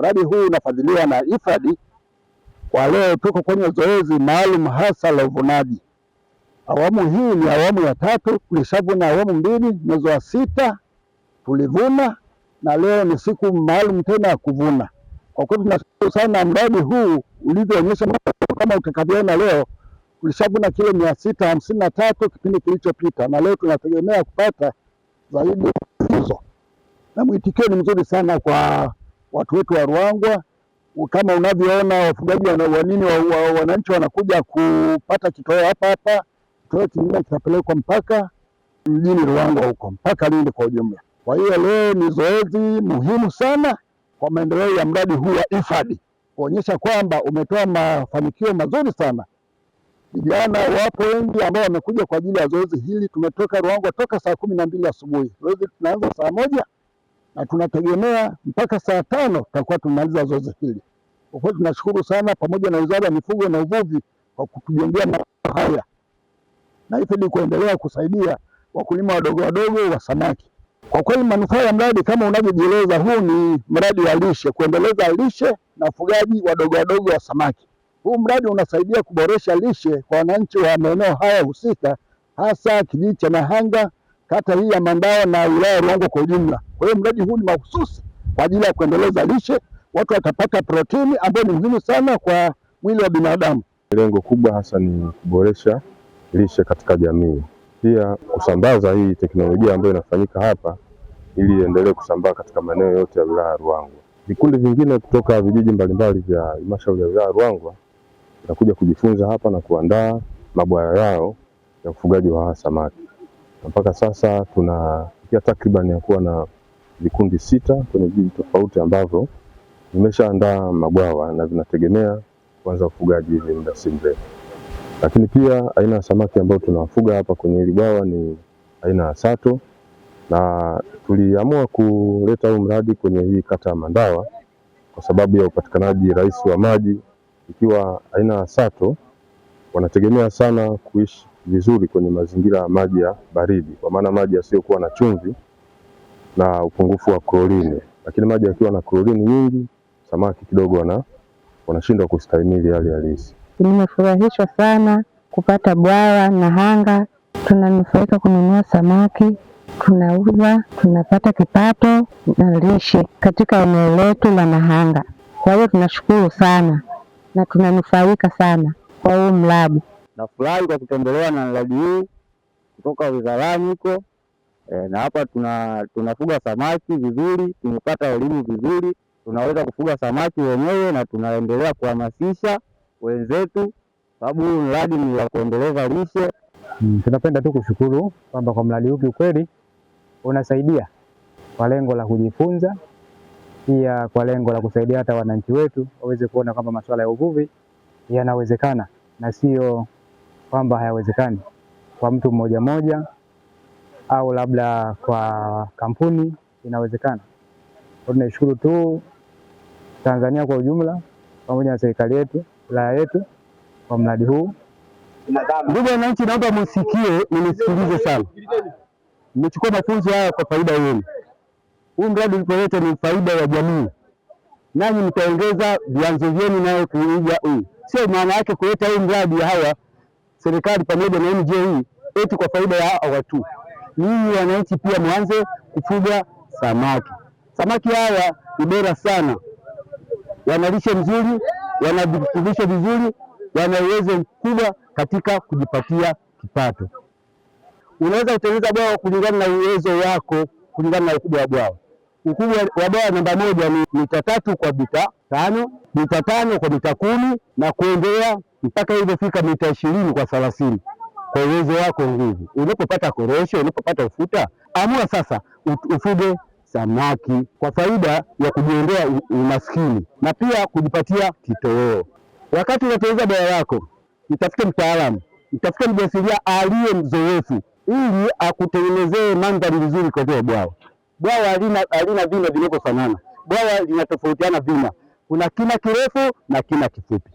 Mradi huu unafadhiliwa na ifadi Kwa leo tuko kwenye zoezi maalum hasa la uvunaji. Awamu hii ni awamu ya tatu, tulishavuna awamu mbili mwezi wa sita tulivuna, na leo ni siku maalum tena ya kuvuna. Kwa kweli tunashukuru sana mradi huu ulivyoonyesha, kama utakavyoona leo tulishavuna kilo mia sita hamsini na tatu kipindi kilichopita, na leo tunategemea kupata zaidi hizo, na mwitikio ni mzuri sana kwa watu wetu wa Ruangwa. Kama unavyoona wafugaji wanini, wananchi wanakuja kupata kitoweo hapa hapa, kitoweo kingine kitapelekwa mpaka mjini Ruangwa huko mpaka Lindi kwa ujumla. Kwa hiyo leo ni zoezi muhimu sana kwa maendeleo ya mradi huu wa ifadi kuonyesha kwamba umetoa mafanikio mazuri sana. Vijana wapo wengi ambao wamekuja kwa ajili ya zoezi hili. Tumetoka Ruangwa toka saa kumi na mbili asubuhi, zoezi tunaanza saa moja na tunategemea mpaka saa tano tutakuwa tumemaliza zoezi hili. Kwa kweli tunashukuru sana pamoja na Wizara ya Mifugo na Uvuvi kwa kutujengea maeneo haya na hivyo kuendelea kusaidia wakulima wadogo wadogo wa samaki. Kwa kweli manufaa ya mradi kama unavyojieleza, huu ni mradi wa lishe, kuendeleza lishe na ufugaji wadogo wadogo wa samaki. Huu mradi unasaidia kuboresha lishe kwa wananchi wa maeneo haya husika, hasa kijiji cha mahanga kata hii ya Mandao na wilaya ya Ruangwa kwa ujumla. Kwa hiyo mradi huu ni mahususi kwa ajili ya kuendeleza lishe, watu watapata protini ambayo ni muhimu sana kwa mwili wa binadamu. Lengo kubwa hasa ni kuboresha lishe katika jamii, pia kusambaza hii teknolojia ambayo inafanyika hapa ili iendelee kusambaa katika maeneo yote ya wilaya ya Ruangwa. Vikundi vingine kutoka vijiji mbalimbali vya halmashauri ya wilaya ya Ruangwa vinakuja kujifunza hapa na kuandaa mabwaya yao ya ufugaji wa samaki na mpaka sasa tunafikia takriban ya kuwa na vikundi sita kwenye vijiji tofauti ambavyo vimeshaandaa mabwawa na vinategemea kuanza ufugaji hivi muda si mrefu. Lakini pia aina ya samaki ambayo tunawafuga hapa kwenye hili bwawa ni aina ya sato, na tuliamua kuleta huu mradi kwenye hii kata ya Mandawa kwa sababu ya upatikanaji rahisi wa maji, ikiwa aina ya sato wanategemea sana kuishi vizuri kwenye mazingira ya maji ya baridi, kwa maana maji yasiyokuwa na chumvi na upungufu wa klorini. Lakini maji yakiwa na klorini nyingi, samaki kidogo wana wanashindwa kustahimili hali halisi. Nimefurahishwa sana kupata bwawa na hanga, tunanufaika kununua samaki, tunauza, tunapata kipato na lishe katika eneo letu la Nahanga. Kwa hiyo tunashukuru sana na tunanufaika sana kwa huu mlabu. Nafurahi kwa kutembelewa na mradi huu kutoka wizarani huko e, na hapa tuna tunafuga samaki vizuri, tumepata elimu vizuri, tunaweza kufuga samaki wenyewe na tunaendelea kuhamasisha wenzetu, sababu huu mradi ni wa kuendeleza lishe. Hmm, tunapenda tu kushukuru kwamba kwa mradi huu kiukweli unasaidia kwa lengo la kujifunza, pia kwa lengo la kusaidia hata wananchi wetu waweze kuona kwamba masuala ya uvuvi yanawezekana na sio kwamba hayawezekani kwa mtu mmoja mmoja au labda kwa kampuni inawezekana. Tunaishukuru tu Tanzania kwa ujumla pamoja na serikali yetu, wilaya yetu kwa mradi huu. Ndugu wananchi, naomba musikie, nimesikilize sana. Nimechukua mafunzo haya kwa faida yenu. Huu mradi ulipoleta ni faida ya jamii, nanyi mtaongeza vyanzo vyenu nayo kuija huu, sio maana yake kuleta huu mradi hawa serikali pamoja na hii e, eti kwa faida ya watu. Ninyi wananchi pia mwanze kufuga samaki. Samaki hawa ni bora sana, wanalishe mzuri, wanavitubisho vizuri, wana uwezo mkubwa katika kujipatia kipato. Unaweza kutengeneza bwawa kulingana na uwezo wako, kulingana na ukubwa wa bwawa. Ukubwa wa bwawa namba moja ni mita tatu kwa mita tano, mita tano kwa mita kumi na kuendelea mpaka ilivyofika mita ishirini kwa thelathini kwa uwezo wako nguvu. Unapopata korosho, unapopata ufuta, amua sasa ufuge samaki kwa faida ya kujiondea umaskini na pia kujipatia kitoweo. Wakati unateuza bwawa yako, mtafute mtaalamu, mtafute mjasiria aliye mzoefu ili akutengenezee mandhari vizuri kwenye bwawa. Bwawa halina vina vinavyofanana, bwawa linatofautiana vina, kuna kina kirefu na kina kifupi.